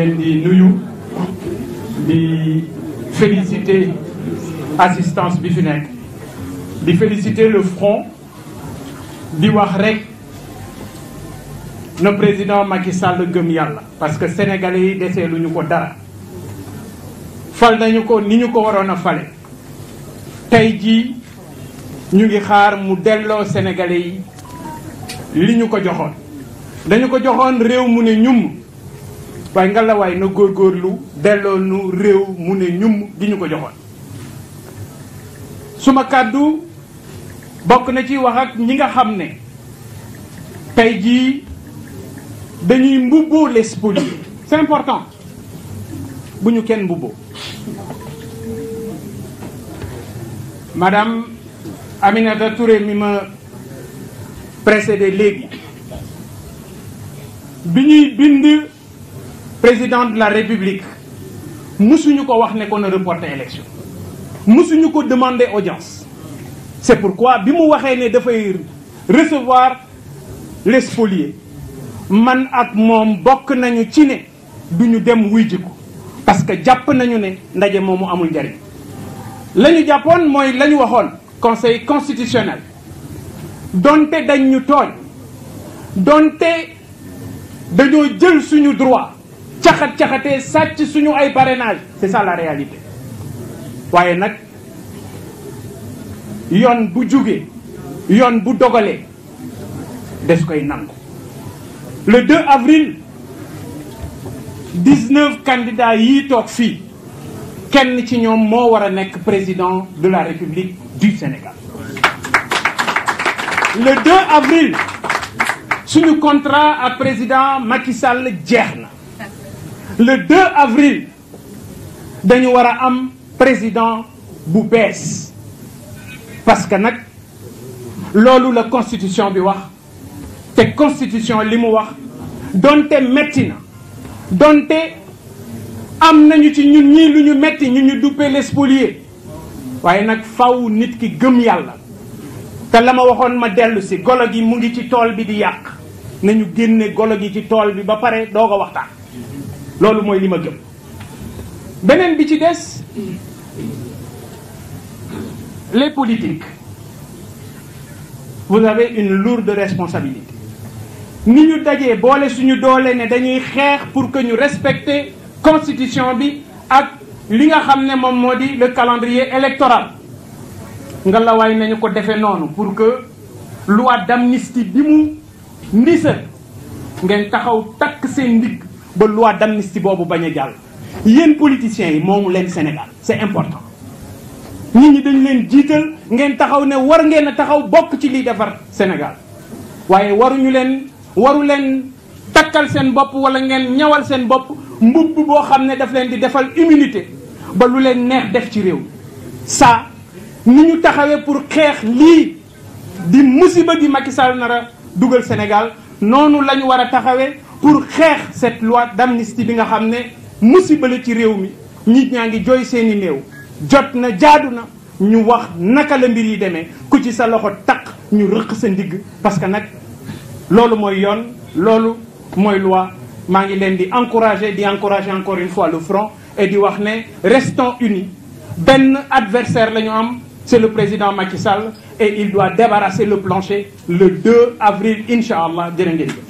leen di nuyu di féliciter assistance bi fi nekk di féliciter le front di wax rek na président Macky Sall gëm yàlla parce que sénégalais yi desee lu ñu ko dara fal nañu ko ni ñu ko waroon a fale tey jii ñu ngi xaar mu delloo sénégalais yi li ñu ko joxoon dañu ko joxoon réew mu ne ñum waaye ngalawaay na góorgóorlu delloo nu réew mu ne ñum di ñu ko joxoon suma kàddu bokk na ci wax ak ñi nga xam ne tey jii dañuy mbubboo les policiers c'est important bu ñu kenn mbubboo madame Aminata Touré mi ma précédé léegi bi ñuy bind président de la république musuñu ko wax ne ko na reporter élection musuñu ko demander audience c'est pourquoi bi mu waxee ne dafay recevoir les spoliés man ak moom bokk nañu ci ne duñu dem wuy jiko parce que jàpp nañu ne ndaje moomu amul njariñ la ñu jàppoon mooy la ñu waxoon conseil constitutionnel donte dañ ñu tooñ donte dañoo jël suñu droit caxat-caxatee sàcc suñu ay parrainage c'est ça la réalité waaye nag yoon bu jugee yoon bu dogalee des koy nangu le 2 avril 19 candidats yii toog fii kenn ci ñoom moo war a nekk président de la République du Sénégal le 2 avril suñu contrat ak président Macky jeex na le 2 avril dañu war a am président bu bees parce que nag loolu la constitution bi wax te constitution li mu wax donte metti na donte am nañu ci ñun ñii lu ñu metti ñu ñu duppee les spoliés waaye nag faw nit ki gëm yàlla te la ma waxoon ma dellu si golo gi mu ngi ci tool bi di yàq nañu génne golo gi ci tool bi ba pare doog a waxtaan loolu mooy li ma gëm beneen bi ci des les politiques vous avez une lourde responsabilité ni ñu dajee boole suñu doole ne dañuy xeex pour que ñu respecter constitution bi ak li nga xam ne moom moo di le calendrier électoral nga la waay nañu ko defee noonu pour que loi d'amnistie bi mu ndi sa ngeen taxaw takk seen ndigg ba loi d'amnistie boobu bañ a jàll yéen politiciens yi moomu leen Sénégal c'est important nit ñi dañ leen jiital ngeen taxaw ne war ngeen a taxaw bokk ci liy defar Sénégal waaye waruñu leen waru leen takkal seen bopp wala ngeen ñawal seen bopp mbubb boo xam ne daf leen di defal immunité ba lu leen neex def ci réew saa ça ni ñu taxawee pour xeex lii di musiba di Macky Sall nar a dugal Sénégal noonu lañu ñu war a taxawee pour xeex cette loi d'amnistie bi nga xam ne musiba la ci réew mi nit ñaa ngi jooy seeni néew jot na jaadu na ñu wax naka la mbir yi demee ku ci sa loxo taq ñu rëq sa ndigg parce que nag loolu mooy yoon loolu mooy loi maa ngi leen di encourager di encourager encore une fois le front et di wax ne restons unis benn adversaire la ñu am c'est le président Macky Sall et il doit débarrasser le plancher le 2 avril incha allah jërë ngeen